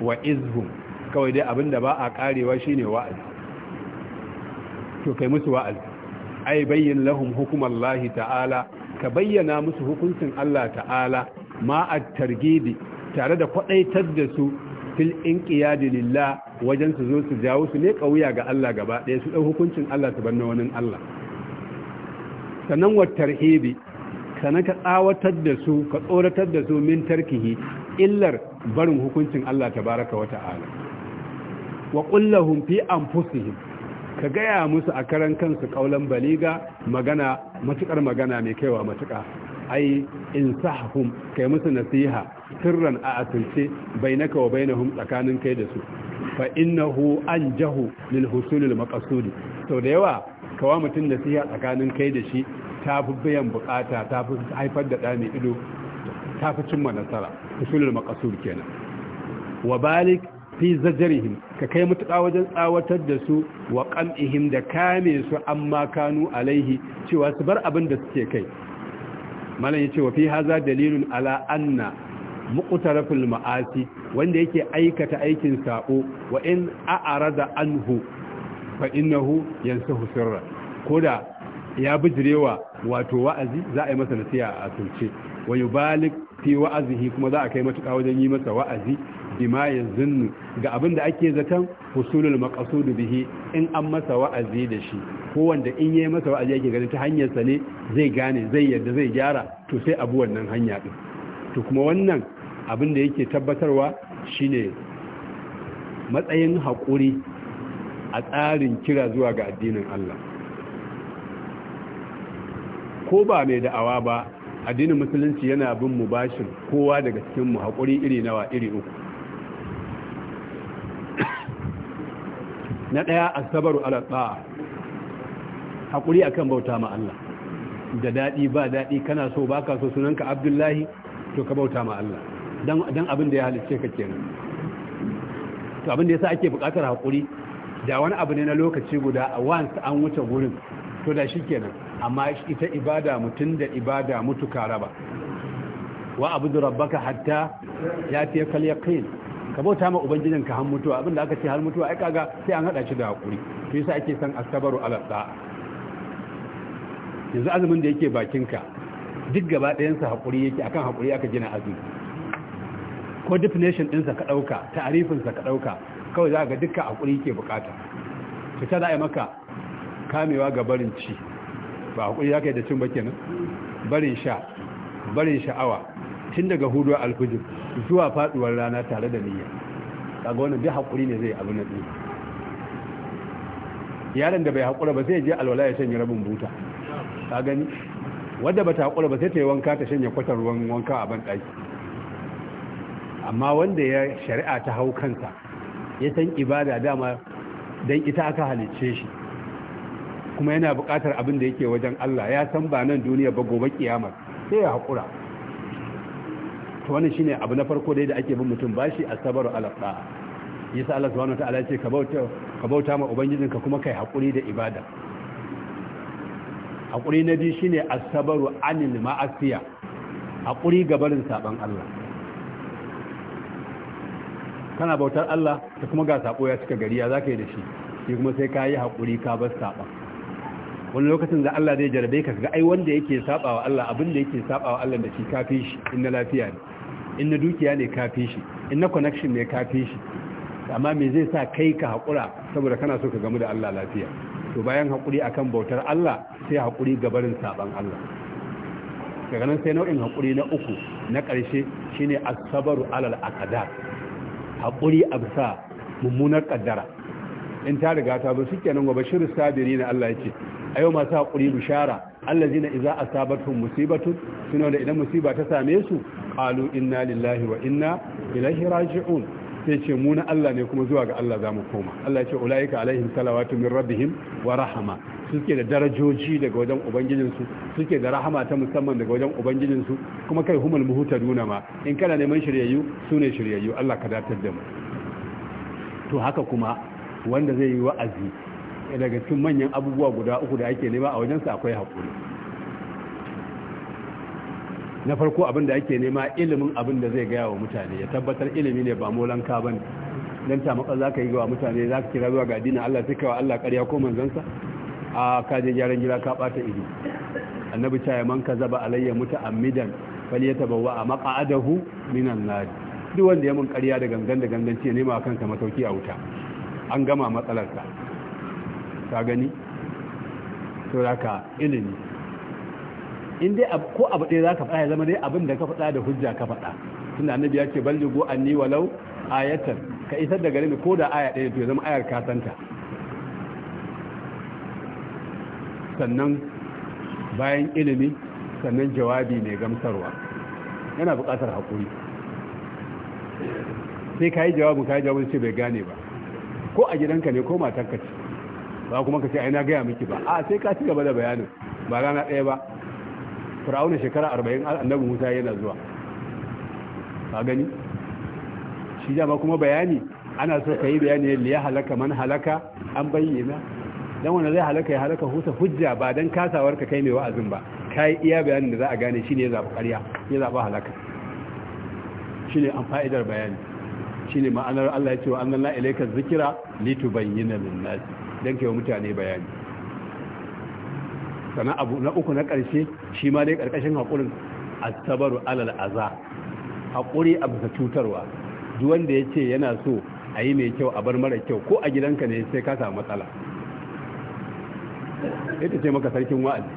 wa izhum kawai dai abin da ba a karewa shine wa'azi to kai musu wa'azi ai bayyin lahum hukumallahi ta'ala ka bayyana musu hukuncin Allah ta'ala ma a targibi tare da kwaɗaitar da su fil inqiyadi lillah wajen su zo su jawo su ne kauya ga Allah gaba ɗaya su dan hukuncin Allah ta banna wani Allah sanan wa tarhibi ka tsawatar da su ka tsoratar da su min tarkihi illar barin hukuncin Allah tabaaraka wa ta'ala wa qul lahum fi anfusihim ka gaya musu a karan kansu kaulan baliga magana matukar magana mai kaiwa matuka ai insahum kai musu nasiha sirran a asirce bainaka wa bainahum tsakanin kai da su fa innahu anjahu lil husulil maqsudi to da yawa kawa mutum da siya tsakanin kai da shi tafi biyan bukata tafi haifar da dami ido tafi cimma nasara husulil maqsud kenan wa balik fi zajarihim ka kai mutuka wajen tsawatar da su wa qam'ihim da kame su amma kanu alaihi cewa su bar abin da suke kai malam yace wa fi haza dalilun ala anna muqtarafil ma'asi wanda yake aikata aikin sako wa in a'rada anhu fa innahu yansahu sirra koda ya bijirewa wato wa'azi za a yi masa nasiha a asirce wa yubalik fi wa'azihi kuma za a kai matuka wajen yi masa wa'azi bima yanzunnu ga abin da ake zaton husulul maqsud bihi in an masa wa'azi da shi ko wanda in yayi masa wa'azi yake ganin ta hanyar sa ne zai gane zai yadda zai gyara to sai abu wannan hanya din to kuma wannan abin da yake tabbatarwa shine matsayin haƙuri a tsarin kira zuwa ga addinin Allah ko ba mai da'awa ba addinin musulunci yana bin mu bashin kowa daga cikin mu haƙuri iri nawa iri uku na ɗaya asabaru ala tsa'a haƙuri akan bauta ma Allah da daɗi ba daɗi kana so baka so sunanka abdullahi to ka bauta ma Allah don abin da ya halicce ka kenan to abin da yasa ake buƙatar hakuri da wani abu ne na lokaci guda once an wuce gurin to da shi kenan amma ita ibada mutum da ibada mutuka raba wa abudu rabbaka hatta ya fi yaqin ka bauta ma ka har mutuwa abin da aka ce har mutuwa ai kaga sai an hada shi da hakuri to yasa ake san astabaru ala sa'a yanzu azumin da yake bakinka duk gaba ɗayan sa hakuri yake akan hakuri aka gina azumi ko definition ɗinsa ka ɗauka ta'arifinsa ka ɗauka kawai za ga duka hakuri ke bukata su ta za'a maka kamewa ga barin ci ba hakuri ya kai da cin baki nan, barin sha barin sha'awa tun daga huduwa alfijir zuwa faduwar rana tare da niyya kaga wannan duk hakuri ne zai abu na ɗin yaron da bai hakura ba zai je alwala ya shanye rabin buta ka gani wadda ba ta hakura ba sai ta yi wanka ta shanye kwatar ruwan wanka a ban amma wanda ya shari'a ta hau kansa ya san ibada dama don ita aka halicce shi kuma yana buƙatar abin da yake wajen Allah ya san ba nan duniya ba gobe kiyama sai ya haƙura to wannan shine abu na farko dai da ake bin mutum bashi asabaru ala ta'a yasa Allah subhanahu wataala ya ce ka bauta ka bauta ma ubangijinka kuma kai haƙuri da ibada haƙuri na biyu shine asabaru anil ma'asiya haƙuri ga barin saban Allah kana bautar Allah ta kuma ga sabo ya cika gari ya zaka yi da shi shi kuma sai ka yi haƙuri ka bar saba wani lokacin da Allah zai jarabe ka ga ai wanda yake saɓawa Allah abin da yake saɓawa Allah da shi fi shi in na lafiya ne in na dukiya ne kafi shi in na connection ne fi shi amma me zai sa kai ka haƙura saboda kana so ka gamu da Allah lafiya to bayan haƙuri akan bautar Allah sai haƙuri ga barin saban Allah daga nan sai nau'in haƙuri na uku na ƙarshe shine as alal aqdar haƙuri a bisa mummunar ƙaddara in ta riga ta zo shi kenan wa shirin sabiri na Allah ya ce a yau masu haƙuri bishara allah na iza a sabatun musibatun suna da idan musiba ta same su ƙalu inna lillahi wa inna ilaihi raji'un sai ce mu na Allah ne kuma zuwa ga Allah za mu koma Allah ya ce ulaika alaihim salawatu min rabbihim wa rahama suke da darajoji daga wajen ubangijinsu suke da rahama ta musamman daga wajen ubangijinsu kuma kai humul duna ma in kana neman shiryayyu ne shiryayyu Allah ka datar da mu to haka kuma wanda zai yi wa'azi daga cikin manyan abubuwa guda uku da ake nema a wajen wajensa akwai haƙuri na farko abin da ake nema ilimin abin da zai gaya wa mutane ya tabbatar ilimi ne ba molanka ba ne don tamakon za ka yi wa mutane za ka kira zuwa ga dina allah suka wa allah karya ko manzansa a kaje gyaran gida ka bata ido annabi ta yaman ka zaba alayya muta amidan fali ya wa a maqa'adahu minan nar duk wanda ya mun karya da gangan da gangan ce nema kanka matauki a wuta an gama matsalarka ka gani To sauraka ilimi in dai ko abu ɗaya za ka faɗa ya zama dai abin da ka faɗa da hujja ka faɗa tun da annabi ya ce an anni walau ayatan ka isar da gare ni ko da aya ɗaya to ya zama ayar ka santa sannan bayan ilimi sannan jawabi mai gamsarwa yana buƙatar haƙuri sai ka yi jawabin ka yi jawabin sai bai gane ba ko a gidanka ne ko matarka ce ba kuma ka ce ai na gaya miki ba a sai ka ci gaba da bayanin ba rana ɗaya ba fir'auna shekara arba'in annabi musa yana zuwa ka gani shi dama kuma bayani ana so ka yi bayani ne ya halaka man halaka an bayyana dan wanda zai halaka ya halaka husa hujja ba dan kasawar ka kai mai wa'azin ba kai iya bayanin da za a gane shine ya zaba ƙarya ya zaba halaka shine an fa'idar bayani shine ma'anar Allah ya ce wa annalna ilayka dhikra litubayyana lin-nas dan kai wa mutane bayani sannan abu na uku na ƙarshe shi ma dai ƙarƙashin haƙurin asabaru alal aza haƙuri a bisa cutarwa duk wanda ya ce yana so a yi mai kyau a bar mara kyau ko a gidanka ne sai ka samu matsala ita ce maka sarkin wa'azi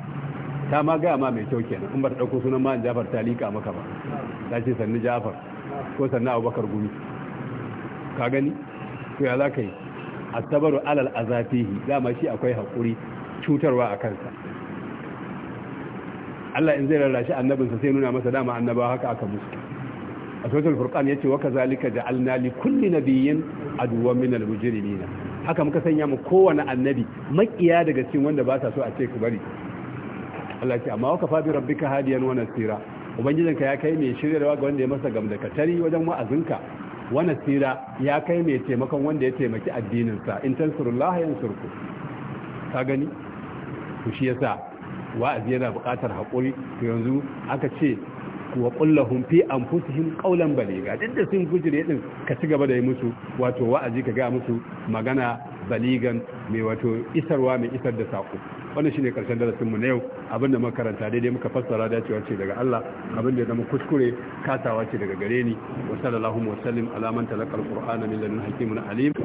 ta ma gaya ma mai kyau kenan in ba ta ɗauko sunan ma'an jafar ta liƙa maka ba ta ce sannu jafar ko sannu abubakar gumi ka gani to ya za ka yi asabaru alal azafihi dama shi akwai haƙuri cutarwa a kansa Allah in zai rarrashi annabinsa sai nuna masa dama annaba haka aka musu a sautar furkan ya ce waka zalika da alnali kulli na biyin aduwa min nina, haka muka sanya mu kowane annabi makiya daga cikin wanda ba sa so a ce ku bari Allah ce amma waka fabi rabbika hadiyan wa nasira ubangijinka ya kai mai shiryawa ga wanda ya masa katari wajen wa'azinka wa nasira ya kai mai taimakon wanda ya taimaki addinin sa in tansurullah yansurku ka gani ku shi yasa wa'azi yana buƙatar haƙuri to yanzu aka ce wa kullahum fi anfusihim qawlan baliga duk da sun gujire din ka ci gaba da yi musu wato wa'azi ka ga musu magana baligan mai wato isarwa mai isar da sako wannan shine karshen darasin mu na yau abinda muka karanta daidai muka fassara dacewa ce daga Allah abinda ya zama kuskure kasawa ce daga gare ni wa sallallahu wa sallim ala man talaqa min ladun hakimun alim